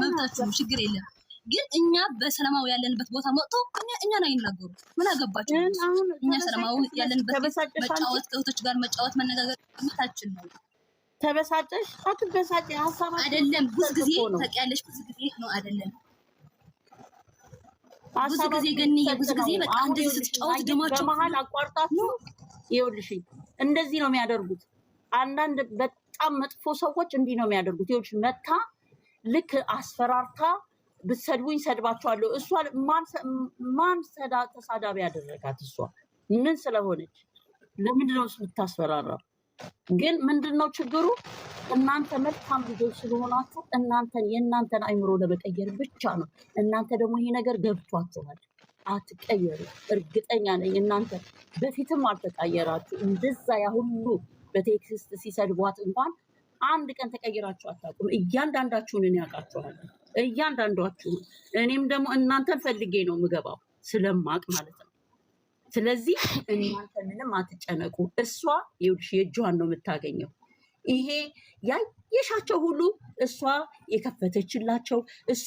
መብታቸው ችግር የለም። ግን እኛ በሰላማዊ ያለንበት ቦታ መጥቶ እኛን አይናገሩ ምን አገባቸው? እኛ ሰላማዊ ያለንበት መጫወት፣ ከእህቶች ጋር መጫወት፣ መነጋገር መብታችን ነው። ተበሳጨሽ አትበሳጭ። ሀሳብ አይደለም ብዙ ጊዜ ታውቂያለሽ፣ ብዙ ጊዜ ነው አይደለም ብዙ ጊዜ ገንዬ ብዙ ጊዜ በቃ እንደዚህ ስትጫወት ደማቸው በመሀል አቋርጣችሁ ይኸውልሽ፣ እንደዚህ ነው የሚያደርጉት። አንዳንድ በጣም መጥፎ ሰዎች እንዲህ ነው የሚያደርጉት። ይኸውልሽ መታ ልክ አስፈራርታ ብትሰድቡኝ ሰድባችኋለሁ። እሷ ማን ተሳዳቢ ያደረጋት? እሷ ምን ስለሆነች ለምንድነው የምታስፈራራው? ግን ምንድነው ችግሩ? እናንተ መልካም ልጆች ስለሆናችሁ እናንተን የእናንተን አይምሮ ለመቀየር ብቻ ነው። እናንተ ደግሞ ይሄ ነገር ገብቷችኋል። አትቀየሩ። እርግጠኛ ነኝ እናንተ በፊትም አልተቀየራችሁ። እንደዛ ያ ሁሉ በቴክስት ሲሰድቧት እንኳን አንድ ቀን ተቀይራችሁ አታውቁም። እያንዳንዳችሁን እኔ አውቃችኋለሁ። እያንዳንዷችሁን እኔም ደግሞ እናንተን ፈልጌ ነው የምገባው ስለማቅ ማለት ነው። ስለዚህ እናንተ ምንም አትጨነቁ። እሷ ይኸውልሽ የእጇን ነው የምታገኘው። ይሄ ያየሻቸው ሁሉ እሷ የከፈተችላቸው እሷ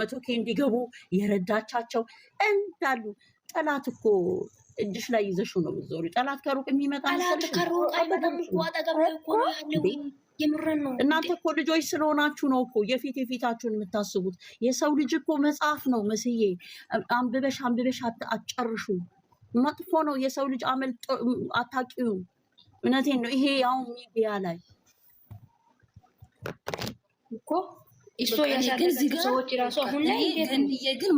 መቶ ኬ እንዲገቡ የረዳቻቸው እንዳሉ ጠላት እኮ እጅሽ ላይ ይዘሽው ነው የምትዞሪው። ጠላት ከሩቅ የሚመጣ እናንተ እኮ ልጆች ስለሆናችሁ ነው እኮ የፊት የፊታችሁን የምታስቡት። የሰው ልጅ እኮ መጽሐፍ ነው መስዬ አንብበሽ አንብበሽ አትጨርሹ። መጥፎ ነው የሰው ልጅ አመል አታቂው። እውነቴን ነው። ይሄ ያው ሚዲያ ላይ እኮ እሱ ግን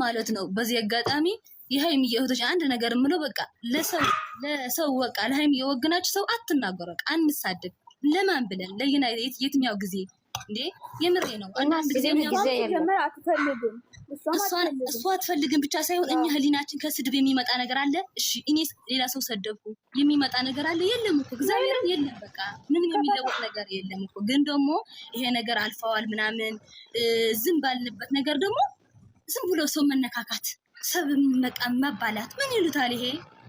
ማለት ነው በዚህ አጋጣሚ የሀይሚ እህቶች አንድ ነገር የምለው በቃ ለሰው ለሰው በቃ ለሀይሚ የወገናችሁ ሰው አትናገሩ። በቃ አንሳደብ። ለማን ብለን ለዩናይትድ የትኛው ጊዜ እንዴ? የምሬ ነው። አንዳንድ ጊዜ አትፈልግም እሷ አትፈልግም ብቻ ሳይሆን እኛ ህሊናችን ከስድብ የሚመጣ ነገር አለ። እሺ እኔ ሌላ ሰው ሰደብኩ የሚመጣ ነገር አለ። የለም እኮ እግዚአብሔር የለም፣ በቃ ምንም የሚለወጥ ነገር የለም እኮ። ግን ደግሞ ይሄ ነገር አልፈዋል ምናምን ዝም ባልንበት ነገር ደግሞ ዝም ብሎ ሰው መነካካት ሰብ መቃም መባላት ምን ይሉታል? ይሄ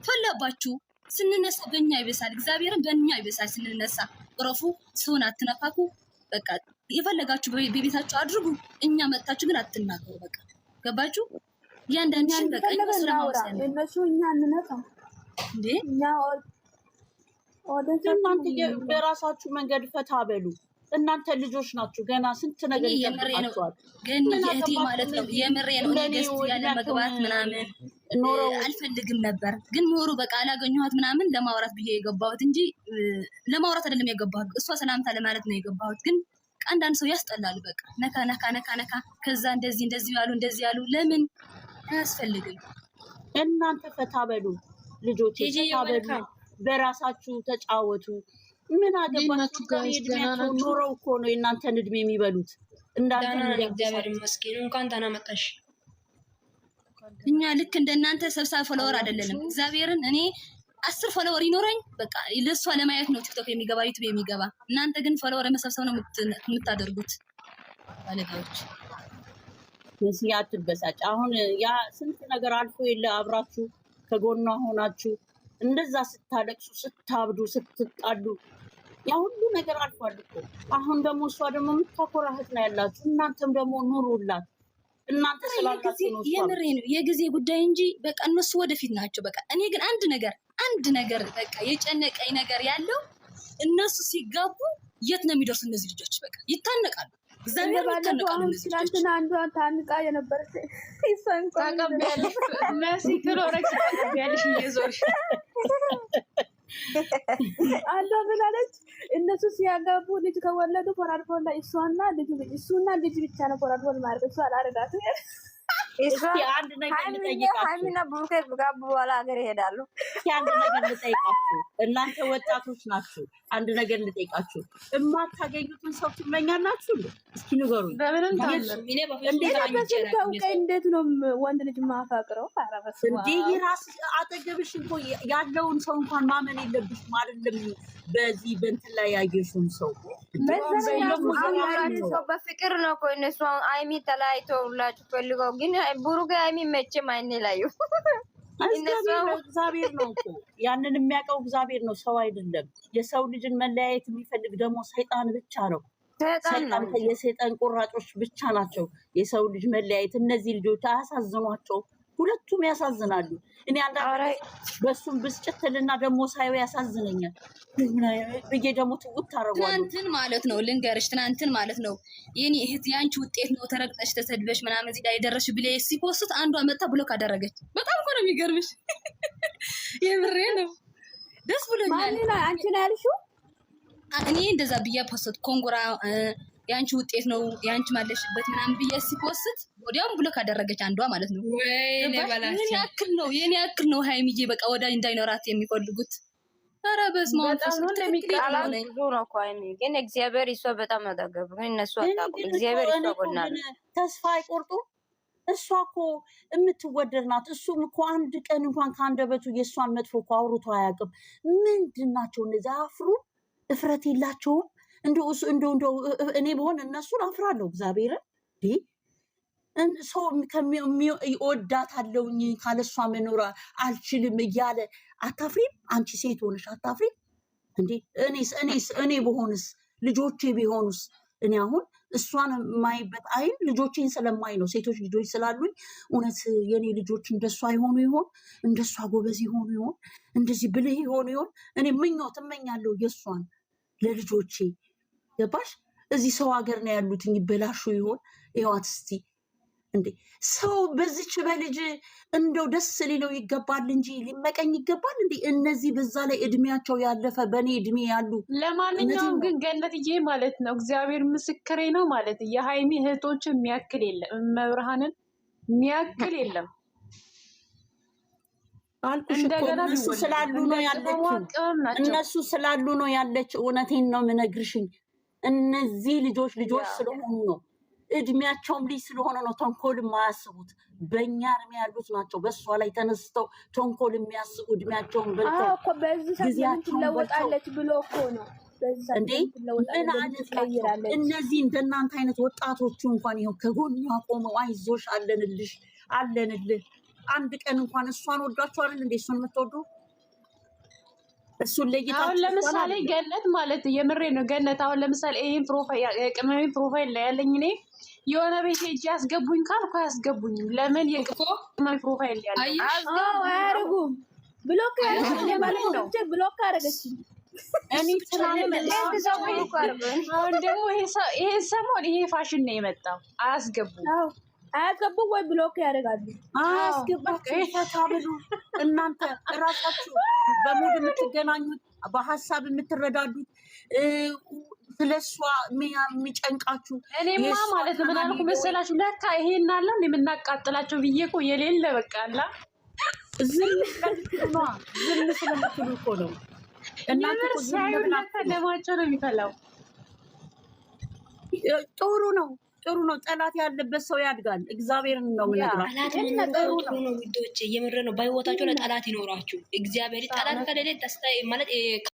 ፈላባችሁ ስንነሳ በእኛ ይበሳል። እግዚአብሔርን በእኛ ይበሳል። ስንነሳ እረፉ፣ ሰውን አትነካኩ። በቃ የፈለጋችሁ በቤታችሁ አድርጉ። እኛ መጥታችሁ ግን አትናገሩ። በቃ ገባችሁ? እያንዳንዳችን በቃ እኛ እንነቃ እንዴ እኛ ወደ በራሳችሁ መንገድ ፈታ በሉ እናንተ ልጆች ናችሁ። ገና ስንት ነገር ይጠብቃችኋል። ማለት ነው የምሬ ነው ደስ ያለ መግባት ምናምን አልፈልግም ነበር። ግን ኖሩ በቃ አላገኘኋት ምናምን ለማውራት ብዬ የገባሁት እንጂ ለማውራት አይደለም የገባሁት፣ እሷ ሰላምታ ለማለት ነው የገባሁት። ግን አንዳንድ ሰው ያስጠላል። በቃ ነካ ነካ ነካ ነካ፣ ከዛ እንደዚህ እንደዚህ ያሉ እንደዚህ ያሉ ለምን አያስፈልግም። እናንተ ፈታ በሉ ልጆች፣ ፈታ በሉ በራሳችሁ ተጫወቱ። ምን አገባችሁ? እድሜያቸውን ኖረው እኮ ነው የእናንተን እድሜ የሚበሉት። እንዳንተ እግዚአብሔር ይመስገን። እንኳን ደህና መጣሽ። እኛ ልክ እንደናንተ ሰብሳቢ ፎሎወር አይደለንም። እግዚአብሔርን እኔ አስር ፎሎወር ይኖረኝ በቃ ለእሷ ለማየት ነው ቲክቶክ የሚገባ ዩቱብ የሚገባ። እናንተ ግን ፎሎወር የመሰብሰብ ነው የምታደርጉት። ባለጋዎች እዚህ አትበሳጭ። አሁን ያ ስንት ነገር አልፎ የለ አብራችሁ ከጎኗ ሆናችሁ እንደዛ ስታለቅሱ ስታብዱ ስትጣሉ ያ ሁሉ ነገር አልፏል እኮ። አሁን ደግሞ እሷ ደግሞ የምታኮራ እህት ነው ያላችሁ። እናንተም ደግሞ ኑሩላት። እናንተ ስላላችሁ የምሬ ነው የጊዜ ጉዳይ እንጂ በቃ እነሱ ወደፊት ናቸው። በቃ እኔ ግን አንድ ነገር አንድ ነገር በቃ የጨነቀኝ ነገር ያለው እነሱ ሲጋቡ የት ነው የሚደርሱ እነዚህ ልጆች? በቃ ይታነቃሉ። እግዚአብሔር አሁን ትናንትና አንዷ ታንቃ የነበረች ይሳንቋ ቀቢያለሽ መሲ ክሎረክስ ቀቢያለሽ እየዞርሽ አንዷ ምን አለች? እነሱ ሲያጋቡ ልጅ ከወለዱ ኮራድፎላ እሷና ልጅ እሱና ልጅ ብቻ ነው ኮራድፎል ማድረግ እሱ አላረጋትም ሀይሚና ብሩኬ በኋላ ሀገር ይሄዳሉ። አንድ ነገር ልጠይቃችሁ፣ እናንተ ወጣቶች ናችሁ። አንድ ነገር ልጠይቃችሁ፣ ሰው ትመኛላችሁ? እስኪ እንዴት ነው ወንድ ልጅ እንዲህ አጠገብሽ እኮ ያለውን ሰው እንኳን ማመን የለብሽም አይደለም? በዚህ በእንትን ላይ ያየሽውን ሰው በፍቅር ነው እኮ እነሱ አይሚ ተለያይተው ፈልገው ግን ብሩክ ሀይሚ መቼም አይንላዩ። እግዚአብሔር ነው እኮ ያንን የሚያውቀው እግዚአብሔር ነው፣ ሰው አይደለም። የሰው ልጅን መለያየት የሚፈልግ ደግሞ ሰይጣን ብቻ ነው። ሰይጣን የሰይጣን ቁራጮች ብቻ ናቸው የሰው ልጅ መለያየት። እነዚህ ልጆች አያሳዝኗቸው ሁለቱም ያሳዝናሉ። እኔ አንዳንድ በእሱም ትልና ደግሞ ሳየው ያሳዝነኛል ብዬ ደግሞ ትውት ታደረጓሉ። ትናንትን ማለት ነው ልንገርሽ፣ ትናንትን ማለት ነው የኔ እህት የአንቺ ውጤት ነው ተረግጠሽ ተሰድበሽ ምናምን እዚህ ላይ የደረሽ ብለ ሲፖስት አንዷ መጣ ብሎክ አደረገች። በጣም እኮ ነው የሚገርምሽ። የምሬ ነው ደስ ብሎኛል። አንቺ ነው ያልሽው። እኔ እንደዛ ብያ ፖስት ኮንጎራ የአንቺ ውጤት ነው የአንቺ ማለሽበት ምናምን ብዬ ሲፖስት ወዲያውም ብሎ ካደረገች አንዷ ማለት ነው። ምን ያክል ነው የኔ ያክል ነው ሀይሚዬ በቃ ወዳጅ እንዳይኖራት የሚፈልጉት። ኧረ በስመ አብ ነው እኮ ሀይሚ ግን እግዚአብሔር ይሷ በጣም አጠገብ እነሱ አታውቁም። እግዚአብሔር ይሷ ጎና ተስፋ አይቆርጡ እሷ እኮ የምትወደድ ናት። እሱም እኮ አንድ ቀን እንኳን ከአንደበቱ የእሷን መጥፎ እኮ አውርቶ አያውቅም። ምንድን ናቸው እነዚያ? አፍሩ እፍረት የላቸውም እንደው እኔ በሆን እነሱን አፍራለሁ። እግዚአብሔርን ሰው እወዳታለሁኝ ካለሷ መኖር አልችልም እያለ አታፍሪም? አንቺ ሴት ሆነሽ አታፍሪም እንዴ? እኔስ እኔ በሆንስ ልጆቼ ቢሆኑስ? እኔ አሁን እሷን የማይበት አይን ልጆቼን ስለማይ ነው። ሴቶች ልጆች ስላሉኝ እውነት የኔ ልጆች እንደሷ የሆኑ ይሆን? እንደሷ ጎበዝ የሆኑ ይሆን? እንደዚህ ብልህ የሆኑ ይሆን? እኔ ምኞት እመኛለሁ የእሷን ለልጆቼ ገባሽ? እዚህ ሰው ሀገር ነው ያሉት በላሹ ይሆን ይዋት እስቲ እንዴ ሰው በዚች በልጅ እንደው ደስ ሊለው ይገባል እንጂ ሊመቀኝ ይገባል እንዴ? እነዚህ በዛ ላይ እድሜያቸው ያለፈ በእኔ እድሜ ያሉ። ለማንኛውም ግን ገነትዬ ማለት ነው እግዚአብሔር ምስክሬ ነው ማለት የሀይሚ እህቶች የሚያክል የለም፣ መብርሃንን የሚያክል የለም። አልኩሽ እነሱ ስላሉ ነው ያለችው፣ እነሱ ስላሉ ነው ያለችው። እውነቴን ነው የምነግርሽኝ እነዚህ ልጆች ልጆች ስለሆኑ ነው፣ እድሜያቸውም ልጅ ስለሆነ ነው ተንኮል የማያስቡት። በእኛ እድሜ ያሉት ናቸው በእሷ ላይ ተነስተው ተንኮል የሚያስቡ እድሜያቸውን በልተው ብሎ እኮ ነው እንዴ ምን አይነት እነዚህ? እንደናንተ አይነት ወጣቶቹ እንኳን ይኸው ከጎን ቆመው አይዞሽ፣ አለንልሽ፣ አለንልህ አንድ ቀን እንኳን እሷን ወዷቸዋልን እንዴ እሱን የምትወዱ እሱን ለይታ አሁን ለምሳሌ ገነት ማለት የምሬ ነው። ገነት አሁን ለምሳሌ ይህን ፕሮፋይል ፕሮፋይል ላይ ያለኝ እኔ የሆነ ቤት ሄጅ ያስገቡኝ ካልኩ አያስገቡኝም። ለምን የቅመሜ ፕሮፋይል ያለ አያደርጉም። ብሎክ ማለት ብሎክ አደረገችኝ። እኔ ትናንት ደግሞ ይሄ ሰሞን ይሄ ፋሽን ነው የመጣው አያስገቡም አያስገቡም ወይ ብሎክ ያደርጋሉ። አያስገባችሁ እናንተ እራሳችሁ በሙድ የምትገናኙት በሀሳብ የምትረዳዱት ስለ የሚጨንቃችሁ እኔማ ማለት ነው። ምን አልኩ መሰላችሁ? ለካ የምናቃጥላቸው ብዬ እኮ የሌለ በቃ አላ ዝም ዝም ስለምትሉ እኮ ነው። እናንተ ነው የሚፈላው። ጥሩ ነው። ጥሩ ነው። ጠላት ያለበት ሰው ያድጋል። እግዚአብሔርን ነው ምነግራጥሩ ነው። ውዶች የምር ነው። በህይወታቸው ለጠላት ይኖራችሁ እግዚአብሔር ጠላት ከሌለ ተስታ ማለት